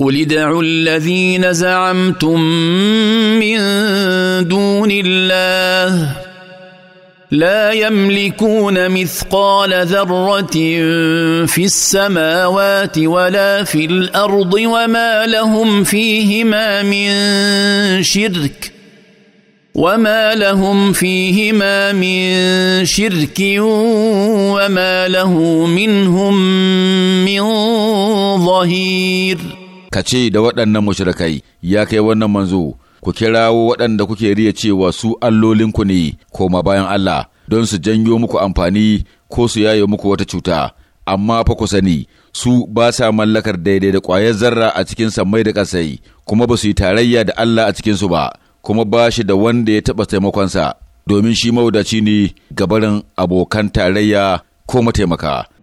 قل ادعوا الذين زعمتم من دون الله لا يملكون مثقال ذره في السماوات ولا في الارض وما لهم فيهما من شرك وما لهم فيهما من شرك وما له منهم من ظهير ka ce da waɗannan mushrikai ya kai wannan manzo ku kirawo waɗanda kuke riya cewa su allolinku ne koma bayan Allah don su janyo muku amfani ko su yayo muku wata cuta amma fa ku sani su ba sa mallakar daidai da ƙwayar zarra a cikin sammai da ƙasai kuma ba su yi tarayya da Allah a cikinsu ba kuma ba shi da wanda ya taɓa taimakonsa domin shi maudaci ne gabarin abokan tarayya ko mataimaka